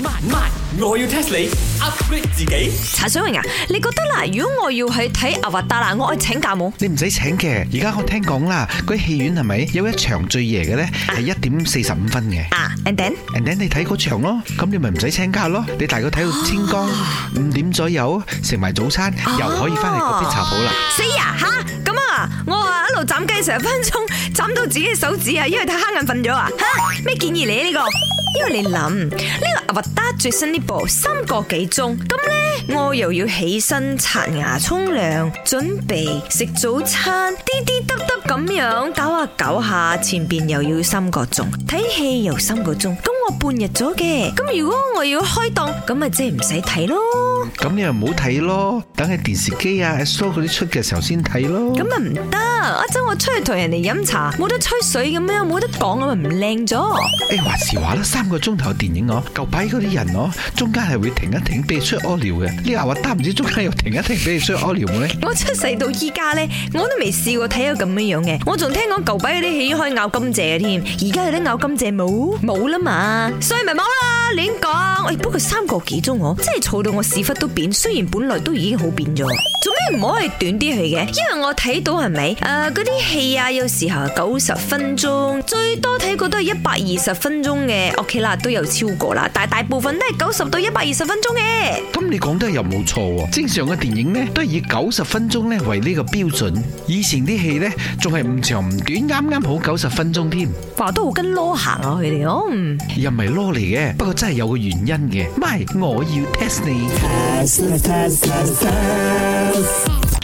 五萬，我要 test 你 upgrade 自己。陳小榮啊，你覺得嗱？如果我要去睇阿華達啦，我愛請假冇？你唔使請嘅。而家我聽講啦，嗰啲戲院係咪有一場最夜嘅咧？係一點四十五分嘅。啊，ending，ending，你睇嗰場咯，咁你咪唔使請假咯。你大概睇到天光五點左右，食埋早餐，又可以翻嚟嗰啲茶鋪啦。死呀吓！咁啊，我啊一路斬雞成分鐘，斬到自己手指啊，因為太黑眼瞓咗啊。咩建議你呢個？因為你諗呢、呢個阿達最新呢部三個幾鐘，咁呢，我又要起身刷牙、沖涼、準備食早餐，滴滴嗒嗒咁樣搞下搞下，前邊又要三個鐘睇戲又三個鐘。我半日咗嘅，咁如果我要開檔，咁咪即係唔使睇咯。咁你又唔好睇咯，等係電視機啊、喺 show 嗰啲出嘅時候先睇咯。咁咪唔得，阿周我出去同人哋飲茶，冇得吹水咁樣，冇得講咁咪唔靚咗。誒，話時話啦，三個鐘頭嘅電影哦，舊擺嗰啲人哦，中間係會停一停，俾出屙尿嘅。你話得唔得？唔知中間又停一停，俾出屙尿咧？我出世到依家咧，我都未試過睇咗咁樣樣嘅。我仲聽講舊擺嗰啲戲可以咬甘蔗嘅添，而家有得咬甘蔗冇？冇啦嘛～所以咪冇啦，亂講。誒、哎，不過三個幾鐘我真係嘈到我屎忽都扁。雖然本來都已經好扁咗，做咩唔可以短啲戲嘅？因為我睇到係咪誒嗰啲戲啊，是是呃、戲有時候九十分鐘，最多睇過都係一百二十分鐘嘅。O、OK、K 啦，都有超過啦，但係大部分都係九十到一百二十分鐘嘅。咁你講得又冇錯、啊，正常嘅電影呢，都係以九十分鐘咧為呢個標準。以前啲戲呢，仲係唔長唔短，啱啱好九十分鐘添。話都好跟囉行啊，佢哋哦。嗯。又唔係攞嚟嘅，不過真係有個原因嘅。唔係，我要 test 你。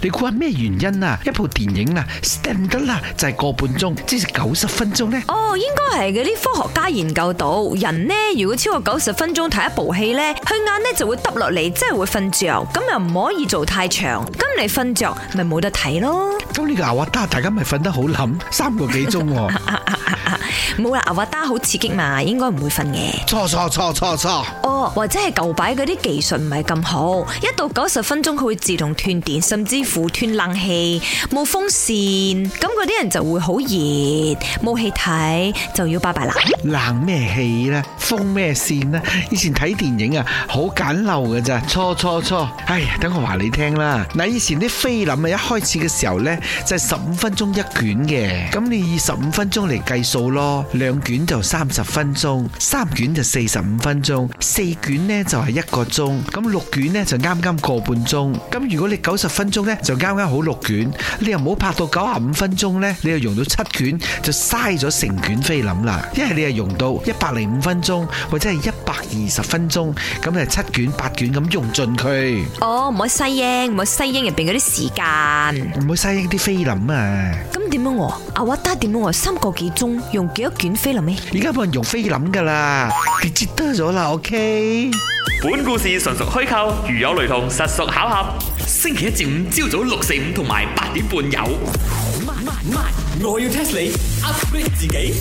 你估下咩原因啊？一部電影啊，stand 得啦，就係個半鐘，即係九十分鐘咧。哦，應該係嗰啲科學家研究到，人呢如果超過九十分鐘睇一部戲咧，佢眼咧就會耷落嚟，即係會瞓着。咁又唔可以做太長，咁你瞓着咪冇得睇咯。咁呢個我得，大家咪瞓得好冧，三個幾鐘。 冇啦，阿華達好刺激嘛，應該唔會瞓嘅。錯錯錯錯錯，哦，或者係舊擺嗰啲技術唔係咁好，一到九十分鐘佢會自動斷電，甚至乎斷冷氣，冇風扇，咁嗰啲人就會好熱，冇氣體就要拜拜啦。冷咩氣咧？封咩線咧、啊？以前睇電影啊，好簡陋嘅咋，初初初。哎呀，等我話你聽啦。嗱，以前啲菲林啊，一開始嘅時候咧，就係十五分鐘一卷嘅。咁你以十五分鐘嚟計數咯，兩卷就三十分鐘，三卷就四十五分鐘，四卷咧就係一個鐘。咁六卷咧就啱啱個半鐘。咁如果你九十分鐘咧，就啱啱好六卷。你又唔好拍到九十五分鐘咧，你又用到七卷，就嘥咗成卷菲林啦。一係你又用到一百零五分鐘。或者係一百二十分鐘，咁就七卷八卷咁用盡佢。哦，唔好西英，唔好西英入邊嗰啲時間，唔好西英啲菲林啊。咁點樣？阿華達點樣？三個幾鐘用幾多卷菲林呢？而家冇人用菲林噶啦，佢折得咗啦。O K，本故事純屬虛構，如有雷同，實屬巧合。星期一至五朝早六四五同埋八點半有。我要 test 你，upgrade 自己。